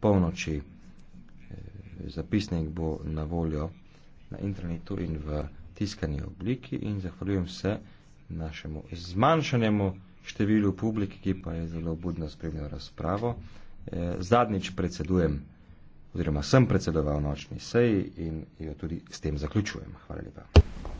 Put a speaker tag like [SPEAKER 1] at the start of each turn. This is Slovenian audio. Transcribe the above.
[SPEAKER 1] polnoči. E, zapisnik bo na voljo na internetu in v tiskani obliki in zahvaljujem se našemu zmanjšanemu številu publiki, ki pa je zelo budno spremljal razpravo. E, zadnjič predsedujem oziroma sem predsedoval nočni seji in jo tudi s tem zaključujem. Hvala lepa.